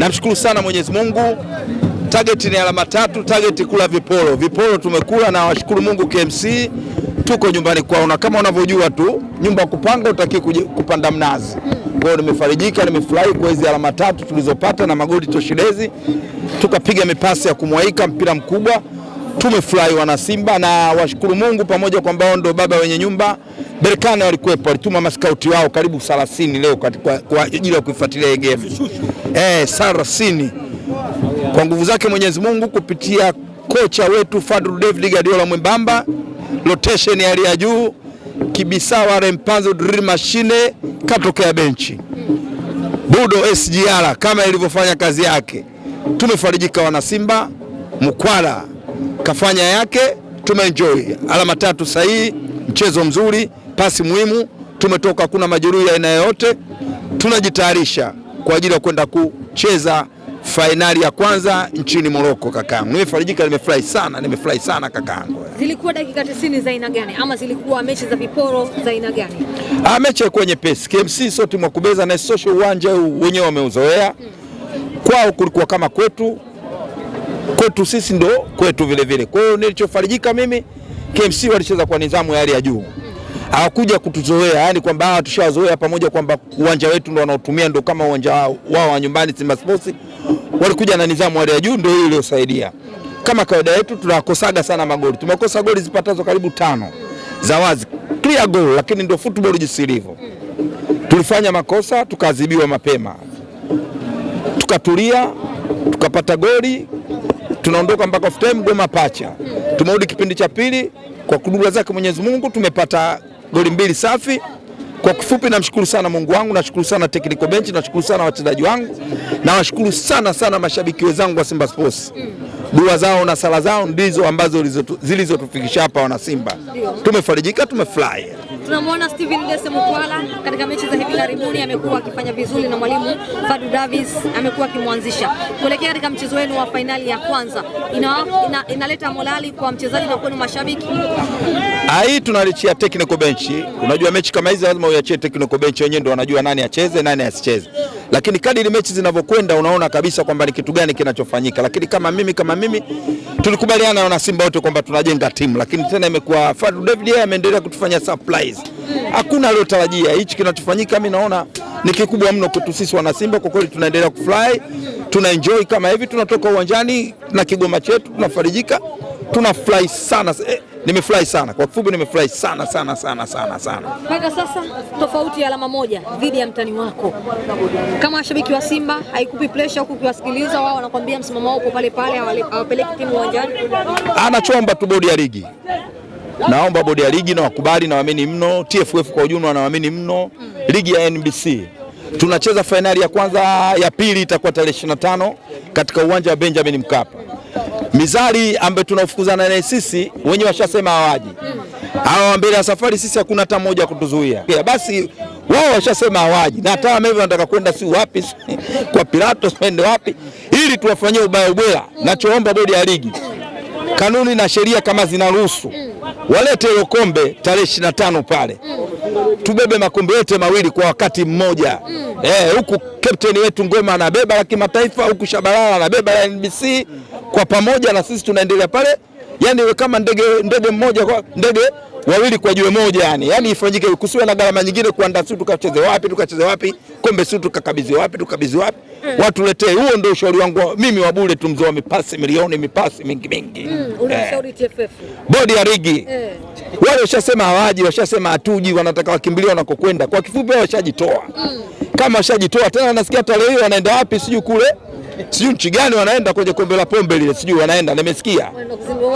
Namshukuru sana Mwenyezi Mungu. Target ni alama tatu, target kula viporo. Viporo tumekula na washukuru Mungu KMC tuko nyumbani kwao, na kama unavyojua tu nyumba kupanga utaki kupanda mnazi. Kwa hiyo nimefarijika, nimefurahi kwa hizi alama tatu tulizopata na magoli toshelezi, tukapiga mipasi ya kumwaika mpira mkubwa, tumefurahi wana Simba na washukuru Mungu pamoja kwamba wao ndio baba wenye nyumba. Berkane walikuwepo, walituma maskauti wao karibu 30 leo kwa ajili ya kuifuatilia game eh, 30 kwa nguvu zake Mwenyezi Mungu kupitia kocha wetu fadru David gadiola mwembamba, rotation ya hali ya juu, Kibisawa Rempanzo drill mashine katokea benchi, Budo SGR kama ilivyofanya kazi yake. Tumefarijika wana Simba, Mkwala kafanya yake, tumeenjoy alama tatu sahihi mchezo mzuri, pasi muhimu, tumetoka, kuna majeruhi ya aina yoyote. Tunajitayarisha kwa ajili ya kwenda kucheza fainali ya kwanza nchini Moroko. Kakaangu, nimefarijika, nimefurahi sana, nimefurahi sana kakaangu. Zilikuwa dakika 90 za aina gani, ama zilikuwa mechi za viporo za aina gani? Ah, mechi ilikuwa nyepesi. KMC sio timu ya kubeza na social, uwanja huu wenyewe wameuzoea. Hmm. Kwao kulikuwa kama kwetu, kwetu sisi ndo kwetu vile vile. Kwa hiyo nilichofarijika mimi KMC walicheza kwa nidhamu ya hali ya juu, hawakuja kutuzoea, yani kwamba hawa tushawazoea pamoja kwamba uwanja wetu ndo wanaotumia ndo kama uwanja wao wa nyumbani Simba Sports. Walikuja na nidhamu hali ya juu, ndio hiyo iliyosaidia. Kama kawaida yetu tunakosaga sana magoli, tumekosa goli zipatazo karibu tano za wazi, clear goal, lakini ndio football jinsi ilivyo. Tulifanya makosa tukaadhibiwa mapema, tukatulia, tukapata goli, tunaondoka mpaka full time, goma pacha. Tumerudi kipindi cha pili kwa kudura zake Mwenyezi Mungu tumepata goli mbili safi. Kwa kifupi, namshukuru sana Mungu wangu, nashukuru sana technical bench, nashukuru sana wachezaji wangu na washukuru sana sana mashabiki wenzangu wa Simba Sports. Dua zao na sala zao ndizo ambazo zilizotufikisha hapa. Wana Simba tumefarijika, tumefurahi tunamwona Steven Dese Mukwala katika mechi za hivi karibuni amekuwa akifanya vizuri na mwalimu Fadu Davis amekuwa akimwanzisha kuelekea katika mchezo wenu wa fainali ya kwanza ina, ina, inaleta morali kwa mchezaji na kwenu mashabiki. Hii tunalichia technical bench. Unajua mechi kama hizi lazima uiachie technical bench, wenyewe ndio wanajua nani acheze nani asicheze lakini kadiri mechi zinavyokwenda unaona kabisa kwamba ni kitu gani kinachofanyika. Lakini kama mimi kama mimi tulikubaliana na Simba wote kwamba tunajenga timu, lakini tena imekuwa Fadlu David yeye ameendelea kutufanya surprise, hakuna aliyotarajia. Hichi kinachofanyika mimi naona ni kikubwa mno kwetu sisi wana Simba. Kwa kweli tunaendelea kufly, tuna kama hivi, tunatoka uwanjani na kigoma chetu tunafarijika, tunafurahi sana eh nimefurahi sana kwa kifupi, nimefurahi sana sana sana sana sana. Mpaka sasa tofauti ya alama moja dhidi ya mtani wako, kama washabiki wa Simba haikupi pressure huku ukiwasikiliza wao wanakuambia msimamo wao uko pale pale, hawapeleki timu uwanjani? Anachomba tu bodi ya ligi, naomba bodi ya ligi na wakubali na waamini mno, TFF kwa ujumla na waamini mno mm. Ligi ya NBC tunacheza fainali ya kwanza, ya pili itakuwa tarehe 25 katika uwanja wa Benjamin Mkapa mizari ambaye tunafukuzana naye sisi wenyewe washasema hawaji hawa mbele ya safari, sisi hakuna hata mmoja kutuzuia. Basi wao washasema hawaji, na hata mimi nataka kwenda si wapi kwa Pilato, siende wapi, ili tuwafanyie ubaya ubwela. Nachoomba bodi ya ligi, kanuni na sheria kama zinaruhusu, walete hilo kombe tarehe 25 pale tubebe makombe yote mawili kwa wakati mmoja mm. Eh, huku kapteni wetu Ngoma anabeba la kimataifa, huku Shabalala anabeba la NBC kwa pamoja, na sisi tunaendelea pale, yani iwe kama ndege ndege mmoja kwa ndege wawili kwa jiwe moja, yani yani ifanyike, kusiwe na gharama nyingine kuandaa, si tukacheze wapi tukacheze wapi kombe, si tukakabidhi wapi tukabidhi wapi mm. watu Huo ndio ushauri wangu mimi wa bure, tumzoa mipasi milioni mipasi mingi mingi mm, eh. bodi ya ligi eh wale washasema hawaji, washasema hatuji, wanataka wakimbilia wanakokwenda. Kwa kifupi, wao washajitoa. Mm. Kama washajitoa tena, nasikia hata leo wanaenda wapi, sijui kule, sijui nchi gani wanaenda kwenye kombe la pombe lile, sijui wanaenda, nimesikia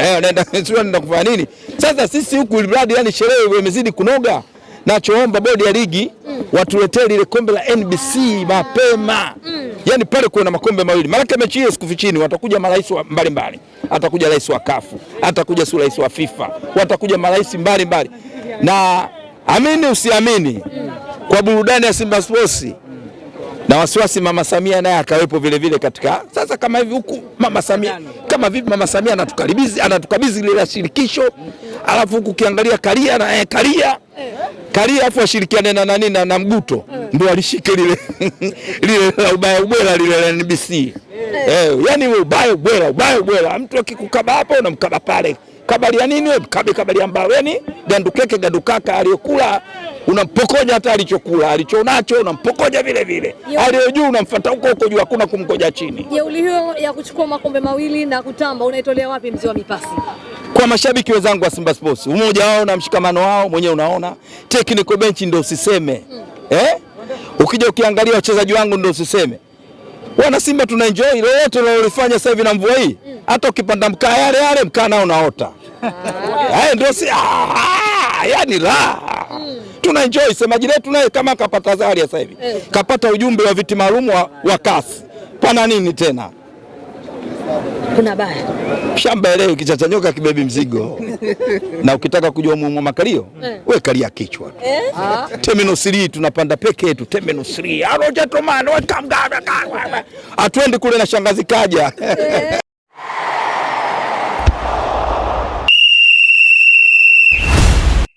eh, wanaenda sijui wanaenda kufanya nini. Sasa sisi huku ilibradi, yani sherehe imezidi kunoga. Nachoomba bodi ya ligi mm. watuletee lile kombe la NBC mapema. Mm yani pale kuna makombe mawili, maanake mechi siku sikufichini, watakuja marais mbalimbali, atakuja rais wa kafu, atakuja si rais wa FIFA, watakuja marais mbalimbali, na amini usiamini, kwa burudani ya Simba Sports na wasiwasi Mama Samia naye akawepo vile vile katika sasa, kama hivi huku Mama Samia, kama vipi Mama Samia anatukabidhi anatukabidhi lile shirikisho, alafu huku ukiangalia Karia na eh, Karia eh. Kalia afu ashirikiane na nani na, na Mguto ndio alishike lile lile ubaya ubwela lile la NBC eh. eh, yani ubaya ubwela ubaya ubwela, mtu akikukaba hapa unamkaba pale, kabali ya nini wewe? Kabe kabali ya mbao, yani gandukeke gandukaka aliyokula unampokoja hata alichokula alichonacho, unampokoja vile vile, aliyo juu unamfuata huko huko juu, hakuna kumgoja chini. Jeuli hiyo ya kuchukua makombe mawili na kutamba unaitolea wapi mzee wa mipasi? Kwa mashabiki wenzangu wa Simba Sports, umoja wao na mshikamano wao mwenyewe unaona, technical bench ndio usiseme mm. eh? Ukija ukiangalia wachezaji wangu ndio usiseme, wana Simba tuna enjoy lolote unalolifanya sasa hivi na mvua hii mm. hata ukipanda mkaa yale yale mkaa nao unaota. Haya ah. eh, ndio si ah, yani la tuna enjoy. Semaji letu naye kama kapata zari sasa hivi eh. kapata ujumbe wa viti maalum wa, wa kasi, pana nini tena? Kuna baya shamba elewi kichachanyoka kibebi mzigo na ukitaka kujua mumo makalio eh. we kalia kichwa tu eh? Ah. Terminal 3 tunapanda peke yetu Terminal 3 aroja tomano wekamgaa hatuendi kule na shangazi kaja eh.